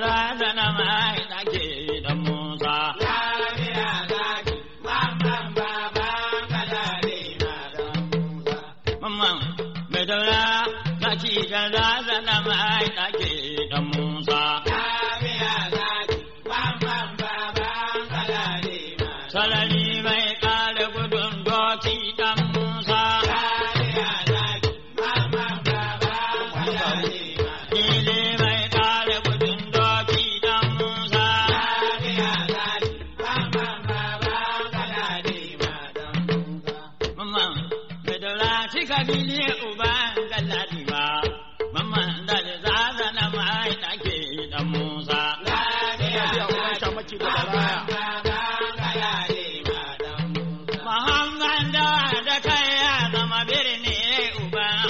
kaza da na mai nake da Musa. Lafiya na da Musa. mai daura, zaki kaza da na da Musa. 好吧。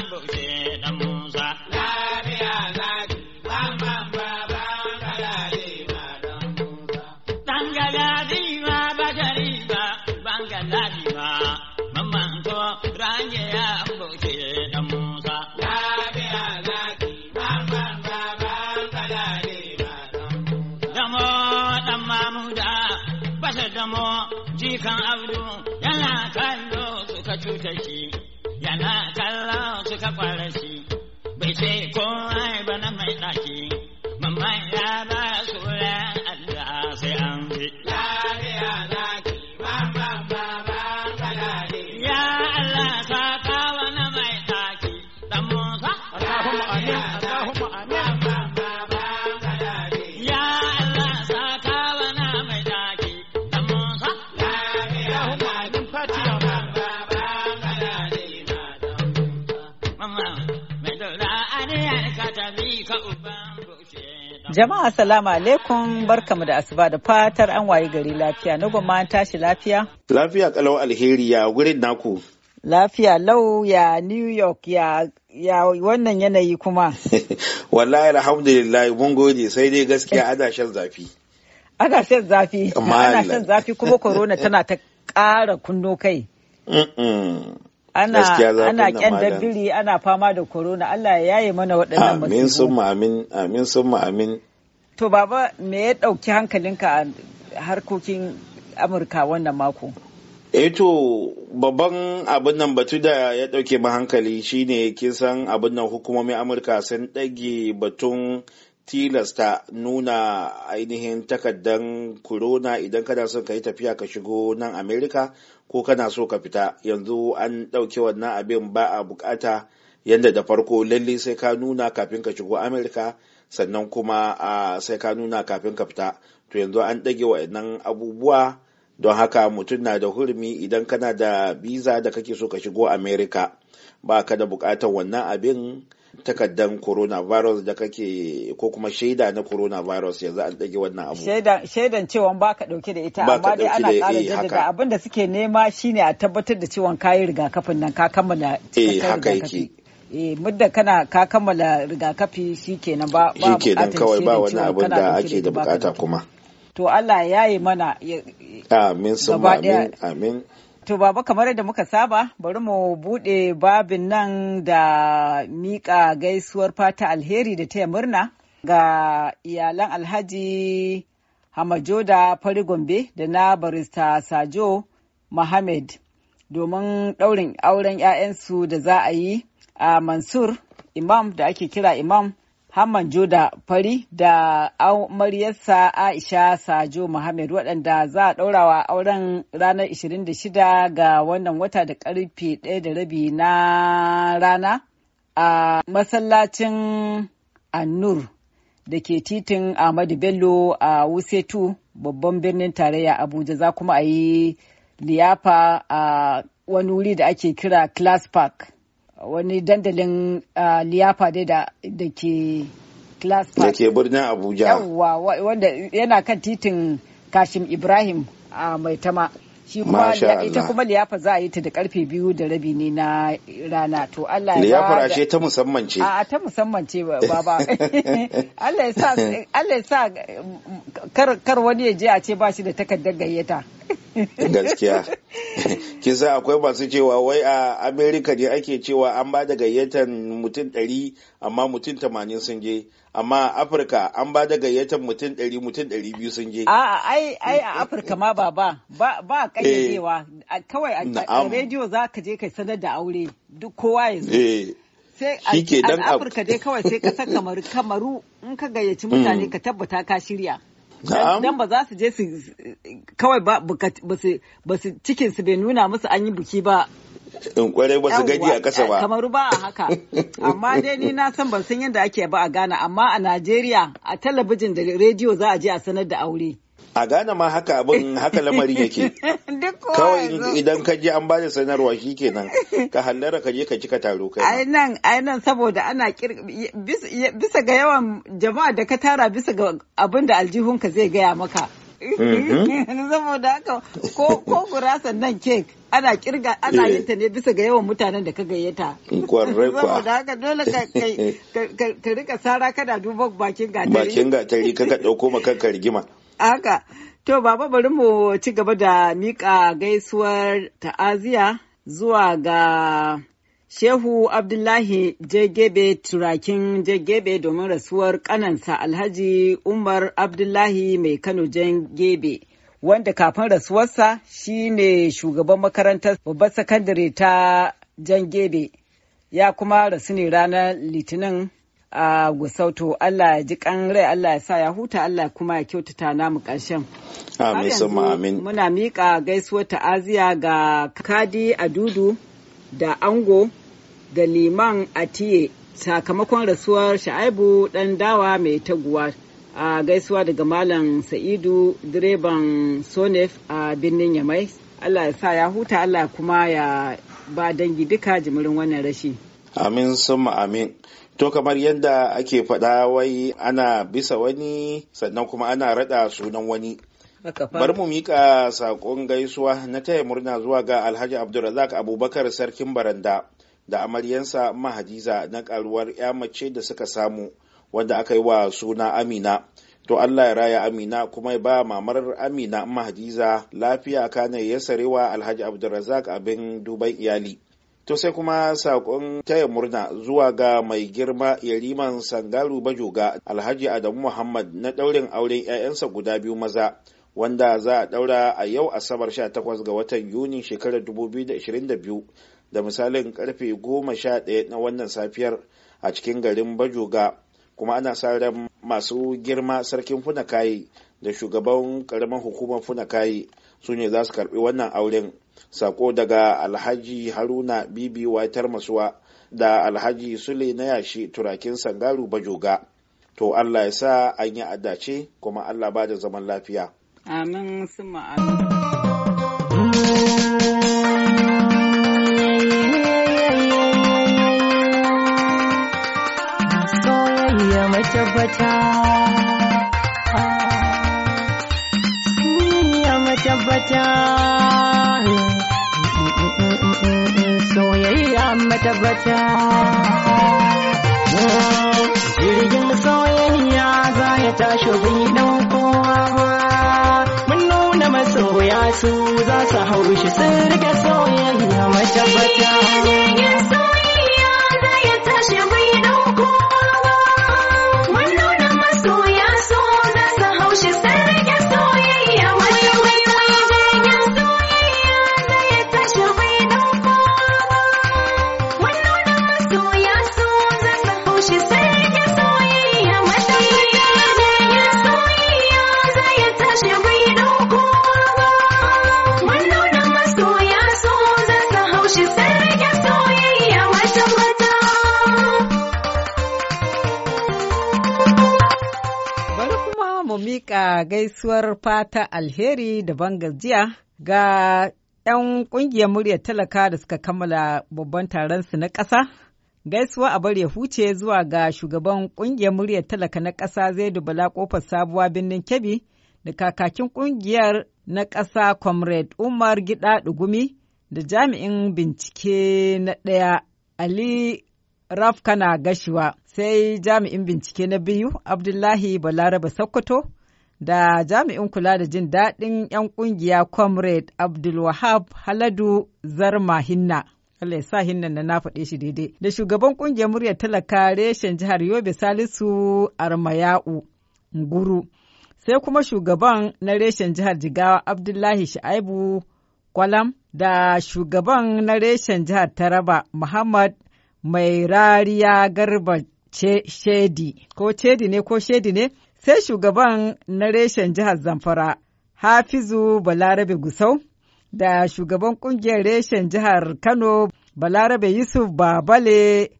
Jama'a salamu alaikum barkamu da asuba da fatar an wayi gari lafiya. Na an tashi lafiya? Lafiya kalau alheri ya wurin naku. Lafiya lau ya New York ya ya wannan yanayi kuma. Wallahi alhamdulillah mun gode sai dai gaskiya ana shan zafi. Ana shan zafi. Ana shan zafi kuma corona tana ta ƙara kunno kai. ana ana ana fama da corona Allah ya yaye mana waɗannan masu amin amin amin amin to baba me ya ɗauki hankalinka a harkokin Amurka wannan mako eh to babban abin nan batu da ya ɗauke ma hankali shine kin san abin nan hukumomin Amurka sun ɗage batun tilasta nuna ainihin takardan corona idan kana son ka yi tafiya ka shigo nan Amerika ko kana so ka fita yanzu an ɗauke wannan abin ba a bukata yadda da farko lalle sai ka nuna kafin ka shigo america sannan kuma sai ka nuna kafin ka fita to yanzu an ɗage wa'annan abubuwa don haka mutum na da hurumi idan kana da biza da kake so ka shigo Amerika. ba ka da bukatar wannan abin corona coronavirus da kake ko kuma shaida na coronavirus yanzu an ɗage wannan abu. Shaidan cewa ba ka ɗauke da ita amma dai ana ƙara eh, jaddada abin da suke nema shine a tabbatar da cewa kayi rigakafin nan ka kammala eh, haka yake Eh mudda kana ka kammala rigakafi shikenan ba ba shikenan kawai ba wani abin da ake da bukata kuma. To Allah ya yi mana. Amin sun amin amin. To baba kamar yadda muka saba bari mu bude babin nan da mika gaisuwar fata alheri da taya murna ga iyalan alhaji da Fari Gombe da na barista Sajo Mohammed domin ɗaurin auren 'ya'yansu da za a yi a Mansur Imam da ake kira Imam haman Joda Fari da amaryarsa Aisha Sajo Muhammad waɗanda za a ɗaurawa auren ranar 26 ga wannan wata da ƙarfe ɗaya da rabi na rana a masallacin Annur da ke titin Ahmadu Bello a Wusetu babban birnin tarayya Abuja za kuma a yi liyafa a wani wuri da ake kira Class Park. wani dandalin liyafa dai da ke class da ke birnin abuja yawwa wanda yana kan titin kashim ibrahim a maitama shi kuma ita kuma liyafa za a yi ta da karfe biyu da rabi ne na rana to Allah ya liyafa ashe ta musamman ce a ta musamman ce baba Allah ya sa kar wani ya je a ce ba shi da takardar gayyata gaskiya kisa akwai masu cewa wai a amerika ne ake cewa an ba da gayyatar mutum 100 amma mutum 80 sun je amma a afirka an ba da gayyatar mutum 100 mutum 200 sun je a ai ai a afirka ma ba ba ba kayyadewa eh. kawai a rediyo za ka je kai sanar da aure duk kowa ya zo eh. sai a afirka dai kawai sai kasar kamaru in ka gayyaci hmm. mutane ka tabbata ka shirya Dan ba za su je su kawai ba ba su cikin su bai nuna musu an yi buki ba. In kwarai ba su gani a kasa ba. Kamaru ba a haka. Amma dai ni na san ban san yadda ake ba a Ghana amma a Najeriya a talabijin da rediyo za a je a sanar da aure. a gane ma haka abin haka lamarin yake kawai idan ka je an bada sanarwa shi kenan ka hallara ka je ka cika taro kai ai nan ai nan saboda ana bisa ga yawan jama'a da ka tara bisa ga abin da aljihun ka zai gaya maka mhm. saboda haka ko gurasan nan kek ana kirga ana eh. yin ta ne bisa ga yawan mutanen da ka gayyata kwarai kwa saboda haka dole ka rika sara kada duba bakin gatari bakin gatari kaka dauko maka rigima Haka, to baba bari mu ci gaba da miƙa gaisuwar ta'aziya zuwa ga Shehu Abdullahi Jegebe Turakin Jegebe domin rasuwar kanansa Alhaji Umar Abdullahi mai Kano Jegebe. Wanda kafin rasuwarsa shi ne shugaban makarantar babbar sakandare ta Jangebe, ya kuma rasu ne ranar Litinin a gusauto Allah ya ji kan rai Allah ya sa ya huta Allah kuma ya kyautata namu ƙarshen. Amin Muna miƙa gaisuwar ta'aziya ga Kadi Adudu da Ango da Liman Atiye sakamakon rasuwar Sha'aibu ɗan dawa mai taguwa a gaisuwa daga Malam Sa'idu direban Sonef a birnin Yamai. Allah ya sa ya huta Allah kuma ya ba dangi duka jimirin wannan rashi. Amin sama amin. To kamar yadda ake faɗa wai ana bisa wani sannan kuma ana raɗa sunan wani. Bari mu miƙa saƙon gaisuwa na taya murna zuwa ga Alhaji Abdulrazak Abubakar Sarkin Baranda da amaryansa Mahadiza na karuwar 'ya mace da suka samu wanda aka yi wa suna Amina. to Allah ya raya Amina kuma ya ba mamar Amina Mahadiza lafiya kana ya sarewa Alhaji Abdulrazak abin duban iyali. To sai kuma saƙon taya murna zuwa ga mai girma Yariman sangaru Bajoga Alhaji Adamu Muhammad na ɗaurin auren 'ya'yansa guda biyu maza wanda za a ɗaura a yau Asabar 18 ga watan Yuni shekarar 2022 da misalin karfe 11 na wannan safiyar a cikin garin Bajoga kuma ana sa ran masu girma sarkin Funakayi da shugaban ƙaramin hukumar Funakayi su ne za su karɓi wannan auren. sako daga alhaji haruna bibi watar masuwa da alhaji sule na yashi turakin sangaru bajoga to allah ya sa an yi adace kuma allah ba da zaman lafiya amin suma matabata jirgin soyayya za ya tashi bai kowa ba mun nuna masoya su za su haushi su rike soyayya matabata jirgin soyayya gaisuwar fata alheri da gajiya ga 'yan ƙungiyar muryar talaka da suka kammala babban taron su na ƙasa. Gaisuwa a bari ya huce zuwa ga shugaban ƙungiyar muryar talaka na ƙasa Zaidu Bala ƙofar sabuwa birnin Kebbi da kakakin ƙungiyar na ƙasa Comrade Umar Gida Dugumi da jami'in bincike na ɗaya Ali Rafkana Gashiwa sai jami'in bincike na biyu Abdullahi Balaraba Sokoto. da jami'in kula da jin daɗin 'yan ƙungiya comrade abdulwahab haladu zarma hinna Allah ya sa hinnan na faɗe shi daidai da shugaban ƙungiyar muryar talaka reshen jihar yobe salisu armayau nguru sai kuma shugaban na reshen jihar jigawa abdullahi sha'ibu kwalam da shugaban na reshen jihar taraba muhammad mai rariya garba shedi ko shedi ne ko shedi ne sai shugaban na reshen jihar Zamfara, Hafizu Balarabe Gusau, da shugaban kungiyar reshen jihar Kano, Balarabe Yusuf Babale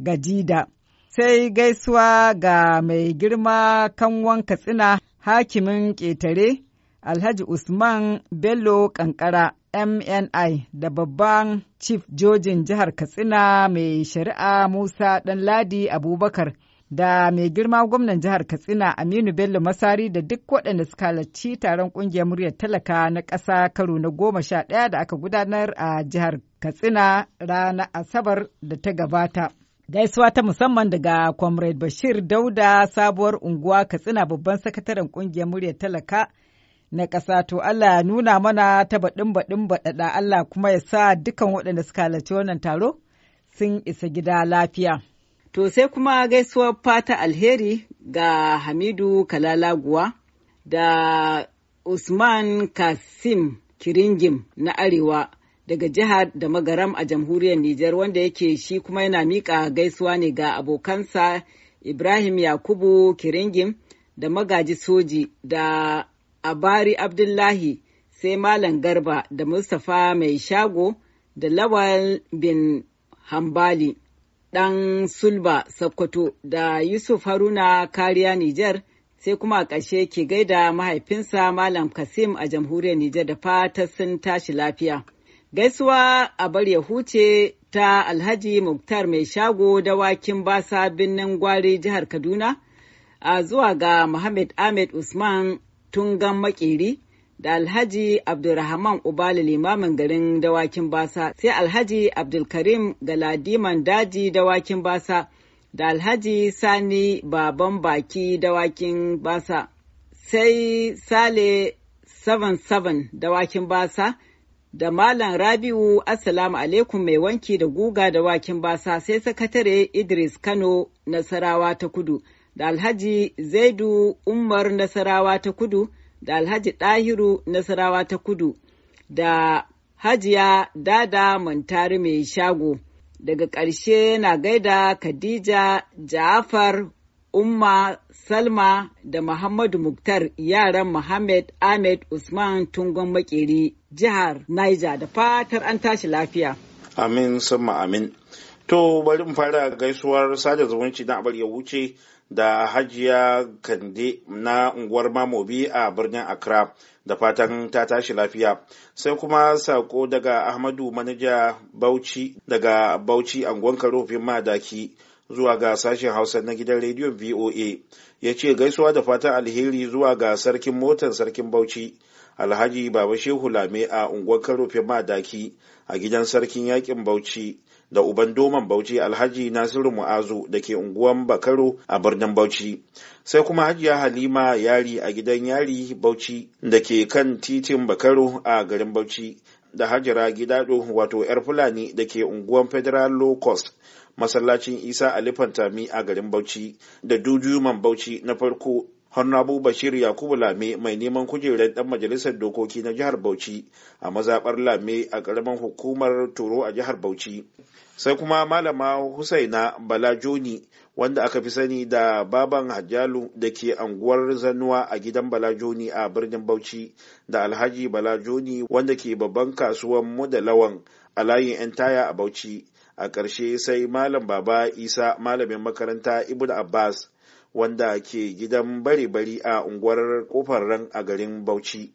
Gajida. Sai gaisuwa ga mai girma kanwan Katsina, hakimin ƙetare, Alhaji Usman Bello Kankara. MNI da babban Chief Jojin Jihar Katsina mai shari'a Musa Ɗanladi Abubakar da mai girma gwamnan jihar Katsina Aminu Bello Masari da duk waɗanda suka halarci taron ƙungiyar muryar talaka na ƙasa karo na goma sha ɗaya da aka gudanar a jihar Katsina ranar Asabar da ta gabata. Gaisuwa ta musamman daga Comrade Bashir Dauda sabuwar unguwa Katsina babban sakataren ƙungiyar muryar talaka na ƙasa to Allah ya nuna mana ta baɗin baɗin baɗaɗa Allah kuma ya sa dukan waɗanda suka halarci wannan taro sun isa gida lafiya. To sai kuma gaisuwar fata alheri ga Hamidu Kalalaguwa da Usman Kasim Kiringim na Arewa daga jihar da magaram a jamhuriyar Nijar wanda yake shi kuma yana miƙa gaisuwa ne ga abokansa Ibrahim Yakubu Kiringim da magaji soji da Abari Abdullahi sai Malam Garba da Mustapha Mai Shago da Lawal bin Hambali ɗan Sulba sokoto da Yusuf Haruna Kariya Nijar sai kuma a ƙarshe ke gaida mahaifinsa Malam Kasim a jamhuriyar Nijar da fata sun tashi lafiya. Gaisuwa a bar ya huce ta Alhaji Muktar mai shago dawakin basa birnin gwari jihar Kaduna a zuwa ga Muhammad Ahmed Usman Tungan Makeri. da Alhaji Abdulrahman Ubali limamin garin dawakin basa sai Alhaji Abdulkarim Galadiman daji dawakin basa da Alhaji Sani baban baki dawakin basa sai Sale 77 dawakin basa da Malam Rabiu Assalamu alaikum mai wanki da guga dawakin basa sai sakatare Idris Kano Nasarawa ta kudu da Alhaji Zaidu Umar Nasarawa ta kudu. da Alhaji Ɗahiru Nasarawa ta Kudu da Hajiya Dada Mantari mai shago. Daga ƙarshe na gaida Khadija Ja'afar Umma Salma da Muhammadu Muktar yaran Muhammad Ahmed Usman Tungon Makeri jihar Niger da fatar an tashi lafiya. Amin, sama amin. To bari mu fara gaisuwar sada zumunci na abar ya wuce da hajiya kande na unguwar mamobi a birnin Accra da fatan ta tashi lafiya. Sai kuma sako daga Ahmadu manaja Bauchi daga Bauchi anguwan karofin madaki zuwa ga sashen Hausa na gidan rediyon VOA. Ya ce gaisuwa da fatan alheri zuwa ga sarkin motar sarkin Bauchi. Alhaji Baba Shehu Lame a unguwar karofin madaki a gidan sarkin yakin Bauchi. da uban doman Bauchi Alhaji Nasiru Mu'azu da ke unguwan Bakaro a birnin Bauchi. Sai kuma Hajiya Halima Yari a gidan Yari Bauchi da ke kan titin Bakaro a garin Bauchi da Hajira Gidado wato 'yar Fulani da ke unguwan Federal Low Cost masallacin Isa alifantami a garin Bauchi da Dujuman Bauchi na farko hannu abu Bashir Yakubu Lame mai neman kujerar ɗan majalisar dokoki na jihar Bauchi a mazaɓar Lame a ƙaramin hukumar Toro a jihar Bauchi. Sai kuma Malama Husaina Bala Joni wanda aka fi sani da Baban Hajjalu da ke anguwar Zanuwa a gidan Bala Joni a birnin Bauchi da Alhaji Bala Joni wanda ke babban kasuwan mu da lawan a layin 'yan taya a Bauchi. a ƙarshe sai malam baba isa malamin makaranta ibn abbas wanda ke gidan bari-bari a unguwar kofar ran a garin Bauchi.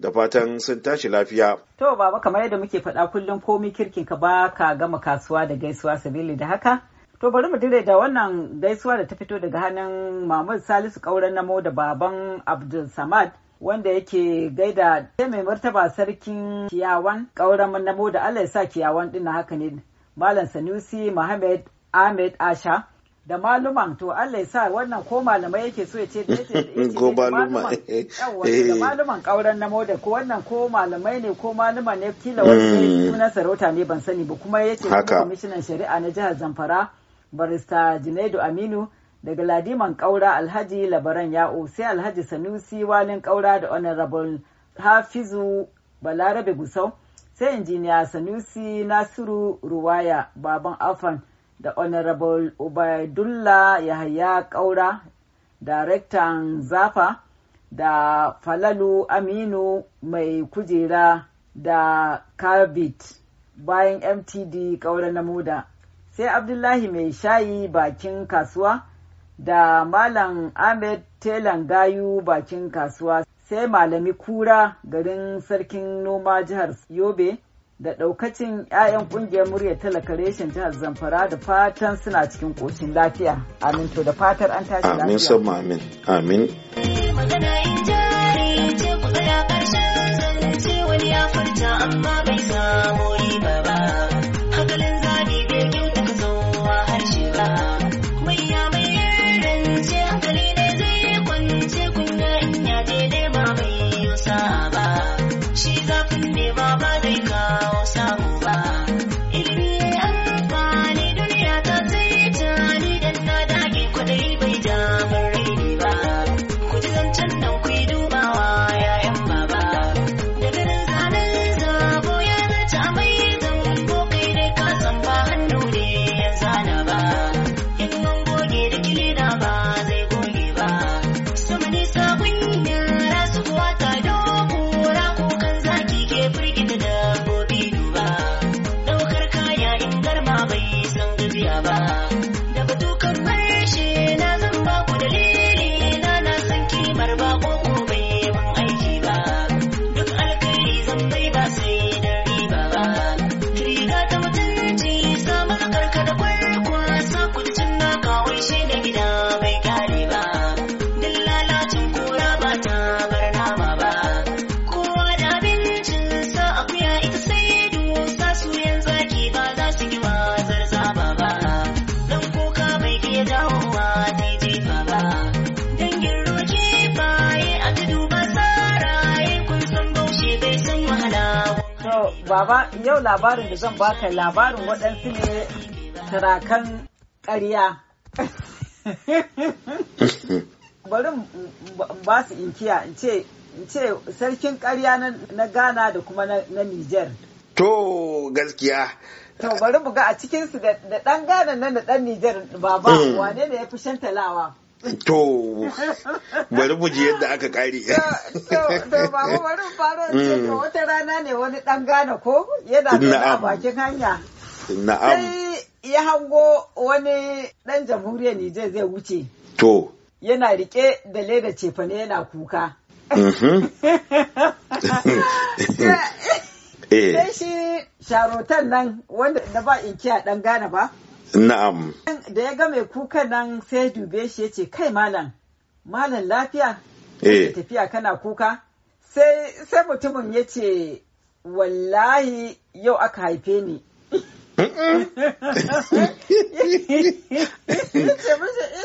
Da fatan sun tashi lafiya. To, baba kamar yadda muke faɗa kullum komi kirkin ka ba ka gama kasuwa da gaisuwa sabili da haka. To, bari mu dire da wannan gaisuwa da ta fito daga hannun Mahmud Salisu Kauran Namo da baban Abdul Samad. wanda yake gaida ta mai martaba sarkin kiyawan kauren namo da Allah ya sa kiyawan ɗin haka ne Malam Sanusi Muhammad Ahmed Asha da maluman to Allah ya sa wannan ko malamai yake so ya ce da yake ko maluma da maluman kauran eh. na moda ko wannan ko malamai ne ko maluma ne kila wani mm. sunan sarauta ne ban sani ba kuma yace kwamishinan shari'a na jihar Zamfara barista Junaidu Aminu daga ladiman kaura Alhaji Labaran ya'o sai Alhaji Sanusi Walin kaura da honorable Hafizu Balarabe Gusau sai injiniya Sanusi Nasiru Ruwaya baban Afan da Honorable Ubaidullah Yahaya Kaura, Daraktan Zafa, da Falalu Aminu mai kujera da Kabit bayan MTD Kaura na Muda. Sai Abdullahi mai shayi bakin kasuwa da Malam Ahmed Telan Gayu bakin kasuwa sai Malami Kura garin Sarkin Noma jihar Yobe. da ɗaukacin 'ya'yan ƙungiyar muryar talaka reshen jihar Zamfara da fatan suna cikin ƙoshin lafiya. Amin to da fatar an tashi lafiya. Amin sabma amin. Amin. Magana ya jari ce ƙarshen wani ya furta amma bai samu yau labarin da zan baka labarin waɗansu ne tarakan ƙarya. Bari ba su inkiya in ce sarkin ƙarya na Ghana da kuma na Nijar. To gaskiya. To bari buga a cikinsu da ɗan Ghana na da ɗan Nijar baba hmm. wane ne ya fi shantalawa. To, bari mu yadda aka kare. To, babu bari fara ce hmm. wata rana ne wani dan gane ko yana da bakin hanya. Na'am. Sai ya hango wani dan jamhuriyar Nijar zai wuce. To. Yana rike da leda cefane yana kuka. Mm-hmm. Eh. Sai shi sharotan nan wanda da ba inkiya dan gane ba. Na'am. Da ya ga mai kukan nan sai dube shi ya ce kai malam, malam lafiya? Eh. tafiya kana kuka? Sai sai mutumin ya ce wallahi yau aka haife ni. Ya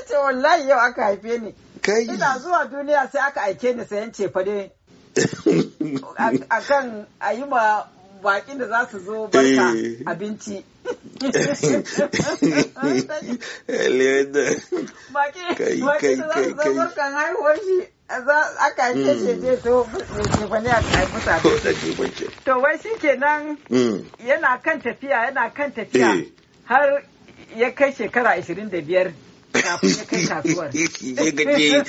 ce wallahi yau aka haife ni. Ina zuwa duniya sai aka aike ni sayan cefane. a kan a yi ma bakin da za su zo barka eh. abinci. Bakin da za su zo barkan haihuwar shi ce mm. To wai shi kenan mm. yana kan tafiya yana kan tafiya eh. har ya kai shekara da biyar. kafin ya kai kasuwar. Ya gaje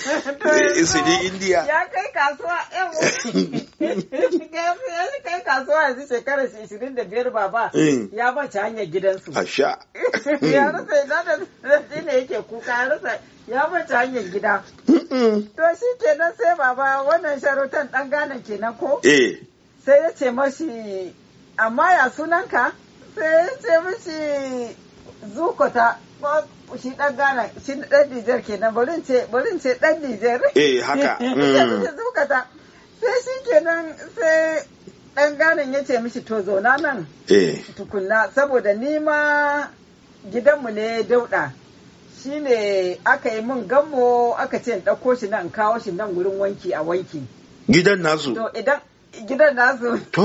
su je Indiya. Ya kai kasuwa ya kai kasuwa yanzu shekarar ishirin da biyar baba eh. ya bace hanyar gidansu. Asha. Ya rasa idan da ne yake kuka ya rasa ya bace hanyar gida. To shi kenan sai baba wannan sharutan ɗan ganan kenan ko? Eh. Sai ya ce mashi amma ya sunanka? Sai ya ce mashi zukota. shi dan Ghana shi dan Niger kenan barin ce barin ce dan Niger eh haka mm. zukata sai shi kenan sai dan Ghana ya ce mishi to zauna nan eh tukunna saboda ni ma gidanmu ne dauda ne aka yi min gammo aka ce in ɗauko shi nan kawo shi nan wurin wanki a wanki gidan nasu to idan gidan nasu to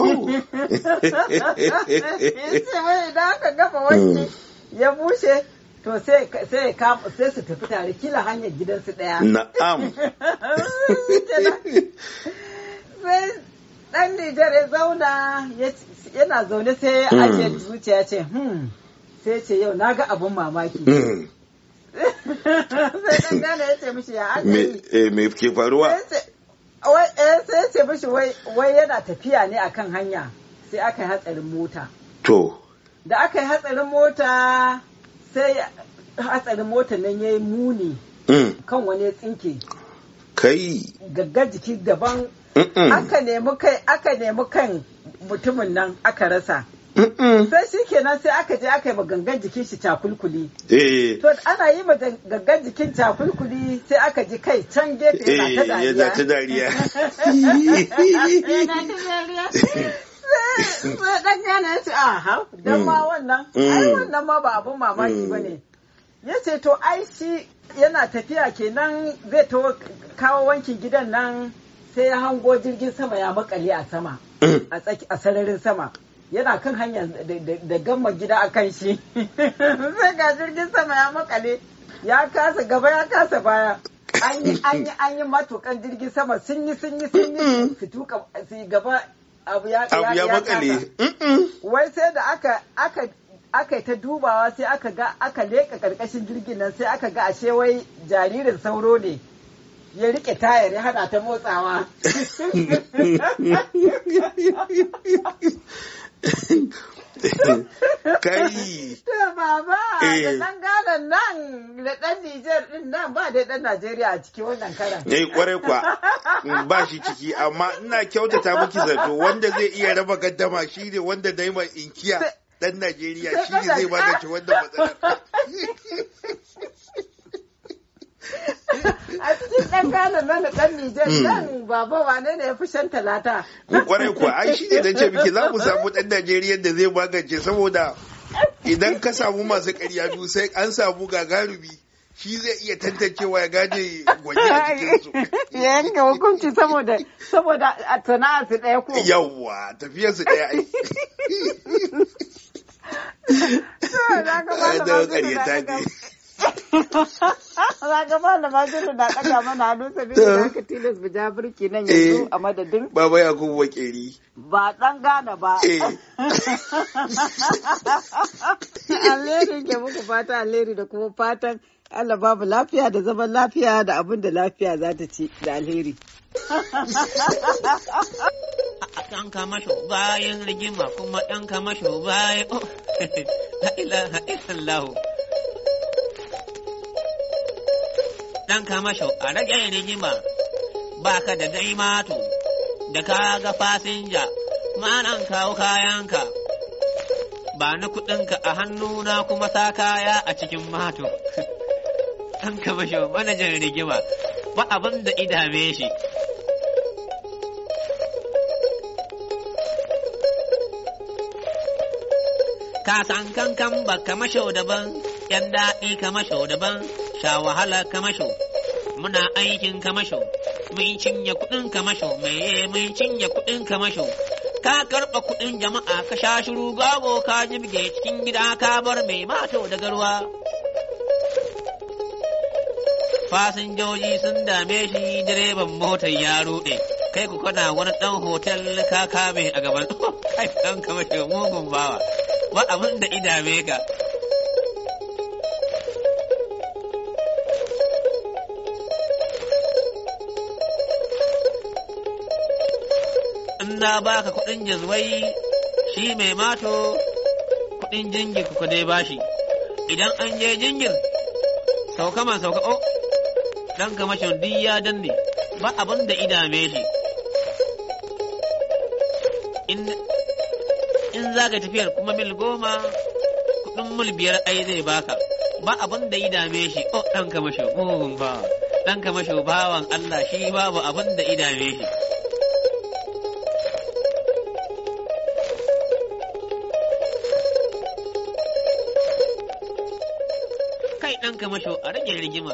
ce wai idan aka gama wanki mm. ya bushe To sai sai su tafi tare kila hanyar gidansu ɗaya. Na'am. Sai ɗan Nijar ya zauna yana zaune sai ake hmm. zuciya ce hmm. sai ce yau na ga abun mamaki. Hmm. Sai ɗan gane ya ce mishi ya eh, Me ke faruwa? Sai eh, ce mishi wai yana tafiya ne akan hanya sai aka yi hatsarin mota. To. Da aka yi hatsarin mota sai hatsarin motar nan ya yi muni mm. kan wani ya tsinke kai gaggar jiki daban aka nemi kai aka nemi kan mutumin nan aka rasa sai shi kenan sai aka je aka yi ma gangan jikin shi cakulkuli eh. to ana yi ma gangan jikin cakulkuli sai aka ji kai can gefe eh, ya ta dariya Ɗan gane ya ce a ha dan ma mm. wannan mm. wannan ma ba abun mamaki ba ne mm. ya ce to ai yana tafiya kenan zai ta kawo wankin gidan nan sai ya hango jirgin sama ya makale a sama a sararin sama yana kan hanyar da gama gida a kan shi sai ga jirgin sama ya makale ya kasa gaba ya kasa baya an an yi matukan jirgin sama sun yi sun yi sun yi su tuka su gaba abu ya makale wai sai da aka aka aka ta dubawa sai aka ga aka leka karkashin jirgin nan sai aka ga ashe wai jaririn sauro ne ya rike tayar ya hada ta motsawa kai ta baba da eh. nan nan ɗan Nijar ɗin nan ba da dan Najeriya a cikin wannan karan. Eh kwarai kwa mm, ba shi ciki amma ina kyautata miki zato wanda zai iya raba gaddama shi ne wanda da yi inkiya ɗan Najeriya shi ne zai magance wannan matsalar. a cikin ɗan Ghana nan da ɗan Nijar mm. nan baba wane ne ya fi shan talata. Mm, kwarai kuwa ai shi ne na ce miki za mu samu ɗan Najeriya da zai magance saboda idan ka samu masu ƙarya biyu sai an samu gagarumi shi zai iya tantancewa ya gane gwaje a cikinsu. Ya yanka hukunci saboda saboda a sana'a su ɗaya ko. Yawwa tafiyar su ɗaya ai. Da ƙaryata ne. Za ka ba da majalu na ɗaga mana hannu sabi da aka tilas bu birki nan eh, yanzu a madadin. Baba ya kuma ƙeri. Ba ɗan gane ba. Eh. Alheri ke muku fata alheri da kuma fatan Allah babu lafiya da zaman lafiya da abin da lafiya za ta ci da alheri. Ɗan kama bayan rigima kuma ɗan kama bayan oh, Ɗan kama a rage rigima ba ka da dai mato da ka ga fasinja ma'anan kawo kayanka ba na kuɗinka a hannuna kuma sa kaya a cikin mato. Kan kamasho manajan rigima ba abin da idame shi Ka kasan kankan ba kamasho daban yan daɗi kamasho daban sha wahala kamasho muna aikin kamasho mun cinye kuɗin kamasho me. mun cinye kuɗin kamasho ka karɓa kuɗin jama'a ka sha shiru gago ka jibge cikin gida ka bar mai mato da garwa fasinjoji sun dame shi direban motar ya rude kai ku kana wani dan hotel ka kame a gaban oh, kai dan kama ke mugun bawa ba abin da idame ka in na baka kuɗin jazwai shi mai mato kuɗin jingir ku dai bashi idan an je jingir sauka man sauka oh ɗan kamashin duk ya danne ba abin da idame shi in za ka tafiyar kuma mil goma kuɗin mil biyar ai zai baka ba abin da idame shi o oh, ɗan kamashin mugun ba ɗan kamashin bawan Allah shi babu abin da idame shi kai ɗan kamasho a rage rigima